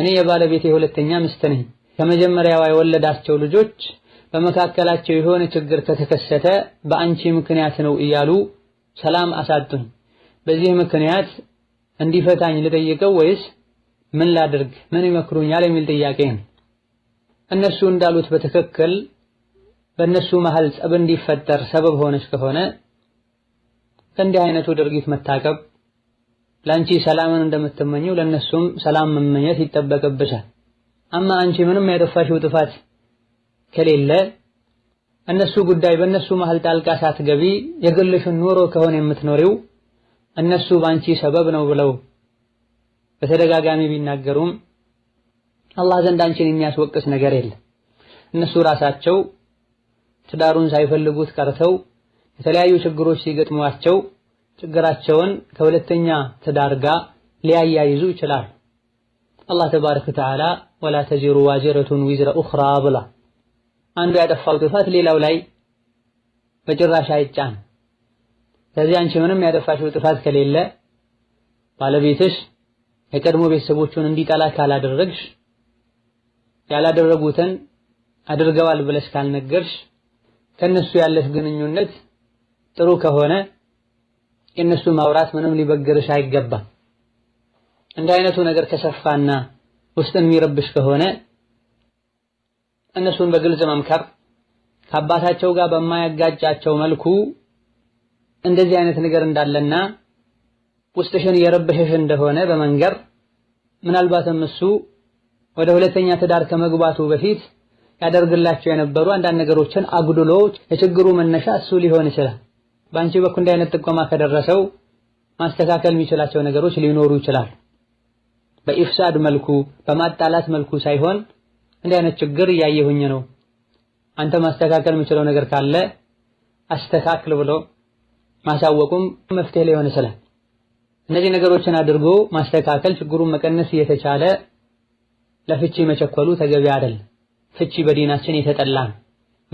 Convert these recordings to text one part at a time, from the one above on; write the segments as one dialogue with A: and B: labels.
A: እኔ የባለቤት የሁለተኛ ሚስት ነኝ። ከመጀመሪያዋ የወለዳቸው ልጆች በመካከላቸው የሆነ ችግር ከተከሰተ በአንቺ ምክንያት ነው እያሉ ሰላም አሳጡኝ። በዚህ ምክንያት እንዲፈታኝ ልጠይቀው ወይስ ምን ላድርግ? ምን ይመክሩኛል? የሚል ጥያቄ ነው። እነሱ እንዳሉት በትክክል በእነሱ መሀል ጸብ እንዲፈጠር ሰበብ ሆነች ከሆነ ከእንዲህ አይነቱ ድርጊት መታቀብ ለአንቺ ሰላምን እንደምትመኘው ለእነሱም ሰላም መመኘት ይጠበቅብሻል። አማ አንቺ ምንም ያጠፋሽው ጥፋት ከሌለ እነሱ ጉዳይ በእነሱ መሀል ጣልቃ ሳትገቢ የግልሽን ኑሮ ከሆነ የምትኖሪው እነሱ በአንቺ ሰበብ ነው ብለው በተደጋጋሚ ቢናገሩም አላህ ዘንድ አንቺን የሚያስወቅስ ነገር የለም። እነሱ ራሳቸው ትዳሩን ሳይፈልጉት ቀርተው የተለያዩ ችግሮች ሲገጥሟቸው ችግራቸውን ከሁለተኛ ትዳር ጋር ሊያያይዙ ይችላል። አላህ ተባረከ ወተዓላ ወላ ተዚሩ ዋዚረቱን ዊዝረ ኡኽራ ብላ አንዱ ያጠፋው ጥፋት ሌላው ላይ በጭራሽ አይጫን። ስለዚህ አንቺ ምንም ያጠፋሽው ጥፋት ከሌለ ባለቤትሽ የቀድሞ ቤተሰቦቹን እንዲጠላ ካላደረግሽ ያላደረጉትን አድርገዋል ብለሽ ካልነገርሽ ከነሱ ያለሽ ግንኙነት ጥሩ ከሆነ የእነሱ ማውራት ምንም ሊበግርሽ አይገባም። እንደ አይነቱ ነገር ከሰፋና ውስጥን የሚረብሽ ከሆነ እነሱን በግልጽ መምከር ከአባታቸው ጋር በማያጋጫቸው መልኩ እንደዚህ አይነት ነገር እንዳለና ውስጥሽን የረበሸሽ እንደሆነ በመንገር ምናልባትም እሱ ወደ ሁለተኛ ትዳር ከመግባቱ በፊት ያደርግላቸው የነበሩ አንዳንድ ነገሮችን አጉድሎ የችግሩ መነሻ እሱ ሊሆን ይችላል። በአንቺ በኩል እንዲህ አይነት ጥቆማ ከደረሰው ማስተካከል የሚችላቸው ነገሮች ሊኖሩ ይችላል። በኢፍሳድ መልኩ በማጣላት መልኩ ሳይሆን እንዲህ አይነት ችግር እያየሁኝ ነው፣ አንተ ማስተካከል የሚችለው ነገር ካለ አስተካክል ብሎ ማሳወቁም መፍትሄ ሊሆን ይችላል። እነዚህ ነገሮችን አድርጎ ማስተካከል ችግሩን መቀነስ እየተቻለ ለፍቺ መቸኮሉ ተገቢ አይደል። ፍቺ በዲናችን የተጠላ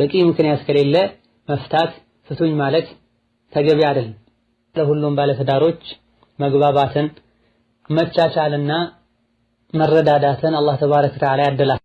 A: በቂ ምክንያት ከሌለ መፍታት ፍቱኝ ማለት ተገቢ አይደለም። ለሁሉም ባለትዳሮች መግባባትን መቻቻልና መረዳዳትን አላህ ተባረከ ወተዓላ ያደላል።